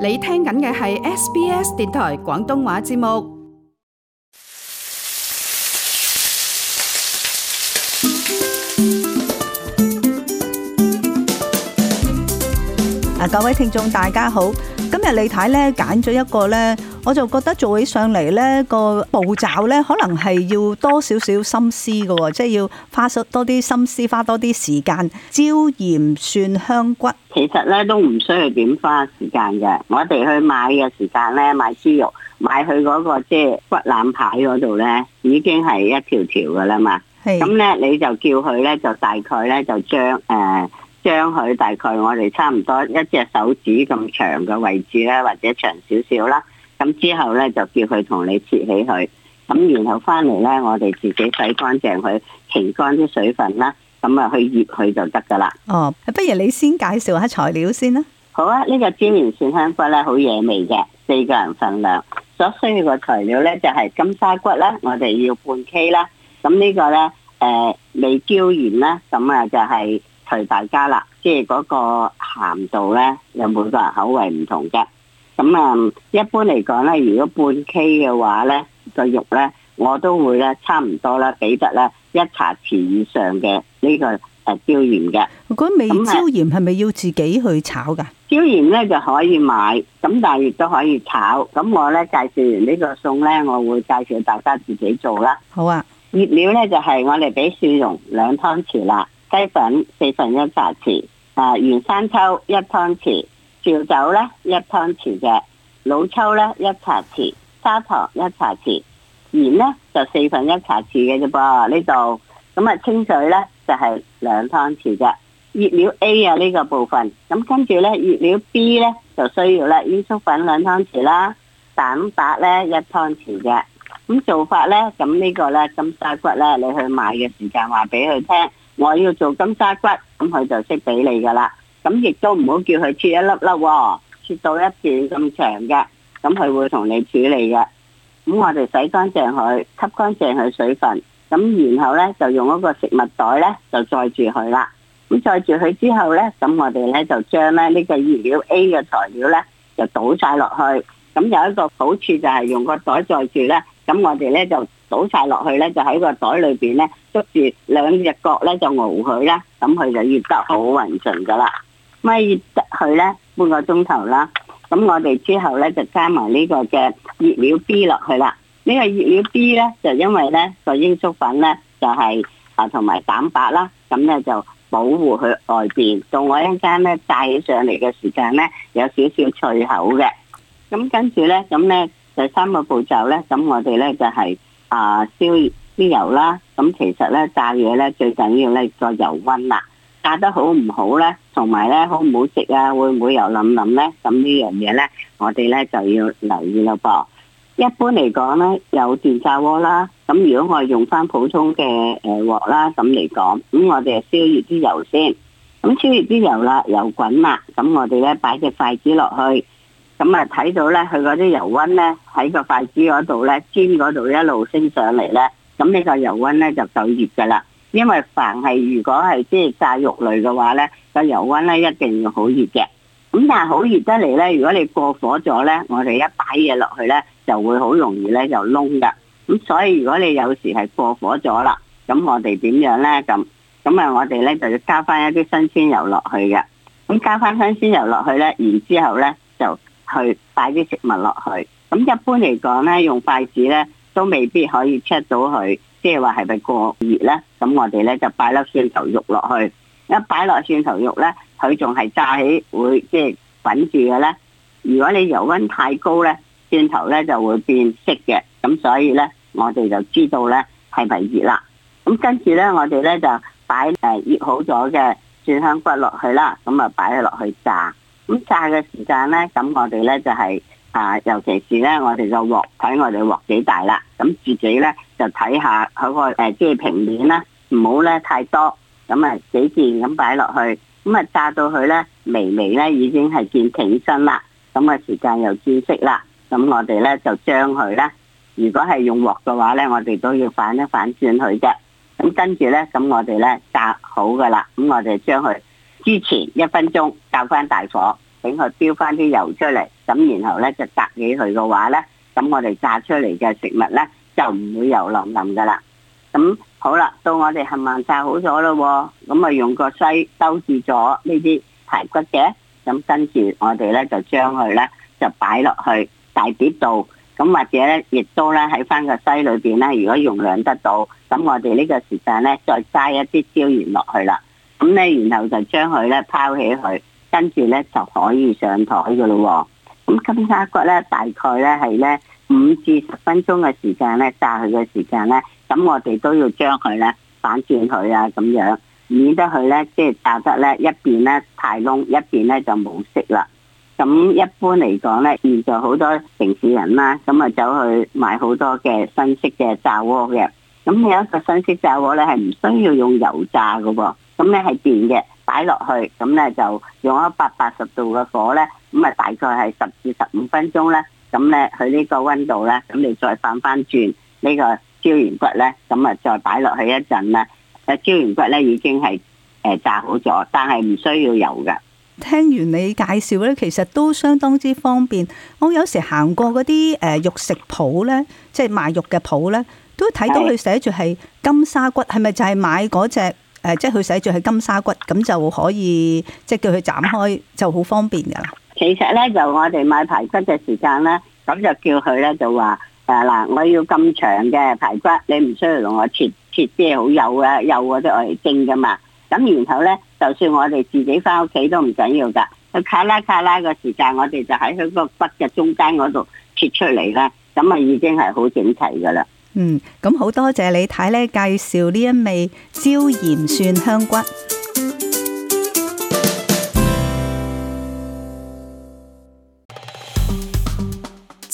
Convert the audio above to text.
你聽緊嘅係 SBS 電台廣東話節目。啊，各位聽眾大家好，今日李太咧揀咗一個咧。我就覺得做起上嚟呢個步驟呢，可能係要多少少心思嘅，即係要花多啲心思，花多啲時間。椒鹽蒜香骨其實呢都唔需要點花時間嘅。我哋去買嘅時間呢，買豬肉，買佢嗰、嗰個即係骨腩排嗰度呢，已經係一條條嘅啦嘛。咁呢是，你就叫佢呢，就大概呢，就將誒、呃、將佢大概我哋差唔多一隻手指咁長嘅位置呢，或者長少少啦。咁之後咧就叫佢同你切起佢，咁然後翻嚟咧我哋自己洗乾淨佢，停乾乾啲水分啦，咁啊去醃佢就得㗎啦。哦，不如你先介紹下材料先啦。好啊，呢個椒鹽蒜香骨咧好惹味嘅，四個人份量。所需要嘅材料咧就係金沙骨啦，我哋要半 K 啦。咁呢個咧誒味椒鹽咧，咁啊就係隨大家啦，即係嗰個鹹度咧有每個人口味唔同嘅。咁啊、嗯，一般嚟講咧，如果半 K 嘅話咧，個肉咧，我都會咧，差唔多啦，俾得咧一茶匙以上嘅呢個誒椒鹽嘅。如果未椒鹽係咪是要自己去炒㗎？椒鹽咧就可以買，咁但係亦都可以炒。咁我咧介紹完呢個餸咧，我會介紹大家自己做啦。好啊，熱料咧就係、是、我哋俾蒜蓉兩湯匙啦，雞粉四分一茶匙，啊原生抽一湯匙。料酒咧一湯匙嘅，老抽咧一茶匙，砂糖一茶匙，鹽咧就四分一茶匙嘅啫噃呢度，咁啊清水咧就係、是、兩湯匙嘅，熱料 A 啊呢個部分，咁跟住咧熱料 B 咧就需要咧，鷹粟粉兩湯匙啦，蛋白咧一湯匙嘅，咁做法咧咁呢個咧金沙骨咧你去買嘅時間話俾佢聽，我要做金沙骨，咁佢就識俾你噶啦。咁亦都唔好叫佢切一粒粒，切、哦、到一片咁長嘅，咁佢會同你處理嘅。咁我哋洗乾淨佢，吸乾淨佢水分，咁然後呢，就用一個食物袋呢，就載住佢啦。咁載住佢之後呢，咁我哋呢，就將咧呢個醃料 A 嘅材料呢，就倒晒落去。咁有一個好處就係用個袋載住呢。咁我哋呢，就倒晒落去呢，就喺個袋裏邊呢，捉住兩隻角呢，就熬佢啦。咁佢就醃得好均勻噶啦。咪熱得佢咧半個鐘頭啦，咁我哋之後咧就加埋呢個嘅熱料 B 落去啦。呢、這個熱料 B 咧就因為咧個鷹粟粉咧就係啊同埋蛋白啦，咁咧就保護佢外邊。到我呢呢一陣間咧炸起上嚟嘅時間咧有少少脆口嘅。咁跟住咧咁咧第三個步驟咧，咁我哋咧就係、是、啊、呃、燒啲油啦。咁其實咧炸嘢咧最緊要咧在油温啦。炸得好唔好咧？同埋咧，好唔好食啊？會唔會油冧冧咧？咁呢樣嘢咧，我哋咧就要留意咯噃。一般嚟講咧，有電炸鍋啦。咁如果我用翻普通嘅誒鑊，啦，咁嚟講，咁我哋燒熱啲油先。咁燒熱啲油啦，油滾啦，咁我哋咧擺隻筷子落去，咁啊睇到咧，佢嗰啲油溫咧喺個筷子嗰度咧煎嗰度一路升上嚟咧，咁呢個油溫咧就夠熱噶啦。因為凡係如果係即係炸肉類嘅話，呢個油温呢一定要好熱嘅。咁但係好熱得嚟呢，如果你過火咗呢，我哋一擺嘢落去呢，就會好容易呢就燶㗎。咁所以如果你有時係過火咗啦，咁我哋點樣呢？咁咁啊，我哋呢，就要加翻一啲新鮮油落去嘅。咁加翻新鮮油落去呢，然之後呢，就去擺啲食物落去。咁一般嚟講呢，用筷子呢，都未必可以 check 到佢，即係話係咪過熱呢？咁我哋咧就擺粒蒜頭肉落去，一擺落蒜頭肉咧，佢仲係炸起會即係滾住嘅咧。如果你油溫太高咧，蒜頭咧就會變色嘅。咁所以咧，我哋就知道咧係咪熱啦。咁跟住咧，我哋咧就擺誒醃好咗嘅蒜香骨落去啦。咁啊，擺佢落去炸。咁炸嘅時間咧，咁我哋咧就係、是、啊，尤其是咧，我哋個鑊睇我哋鑊幾大啦。咁自己咧就睇下佢個誒即係平面啦。唔好咧太多，咁啊幾件咁擺落去，咁啊炸到佢咧微微咧已經係件企身啦，咁啊時間又轉色啦，咁我哋咧就將佢咧，如果係用鑊嘅話咧，我哋都要反一反轉佢嘅，咁跟住咧，咁我哋咧炸好噶啦，咁我哋將佢之前一分鐘教翻大火，等佢飆翻啲油出嚟，咁然後咧就夾起佢嘅話咧，咁我哋炸出嚟嘅食物咧就唔會油淋淋噶啦。咁、嗯、好啦，到我哋冚唪唥炸好咗咯，咁、嗯、啊用個篩兜住咗呢啲排骨嘅，咁跟住我哋咧就將佢咧就擺落去大碟度，咁、嗯、或者咧亦都咧喺翻個篩裏邊咧，如果容量得到，咁、嗯、我哋呢個時間咧再加一啲椒鹽落去啦，咁、嗯、咧、嗯、然後就將佢咧拋起佢，跟住咧就可以上台噶咯。咁金沙骨咧，大概咧係咧五至十分鐘嘅時間咧炸佢嘅時間咧。咁我哋都要將佢咧反轉佢啊，咁樣免得佢咧，即係炸得咧，一邊咧太燶，一邊咧就冇色啦。咁一般嚟講咧，現在好多城市人啦，咁啊走去買好多嘅新式嘅炸鍋嘅。咁有一個新式炸鍋咧，係唔需要用油炸㗎喎、哦。咁咧係電嘅，擺落去，咁咧就用一百八十度嘅火咧，咁啊大概係十至十五分鐘咧，咁咧佢呢個溫度咧，咁你再反翻轉呢、呢個。椒鹽骨咧，咁啊再擺落去一陣啦。誒，椒鹽骨咧已經係誒炸好咗，但係唔需要油嘅。聽完你介紹咧，其實都相當之方便。我有時行過嗰啲誒肉食鋪咧，即係賣肉嘅鋪咧，都睇到佢寫住係金沙骨，係咪是就係買嗰隻？誒，即係佢寫住係金沙骨，咁就可以即係叫佢斬開，就好方便噶啦。其實咧，就我哋買排骨嘅時間咧，咁就叫佢咧就話。嗱！我要咁長嘅排骨，你唔需要同我切切啲好幼嘅幼嗰啲嚟蒸噶嘛。咁然後呢，就算我哋自己翻屋企都唔緊要噶。佢卡拉卡拉嘅時間，我哋就喺佢個骨嘅中間嗰度切出嚟啦。咁啊，已經係好整齊噶啦。嗯，咁好多謝你睇呢介紹呢一味椒鹽蒜香骨。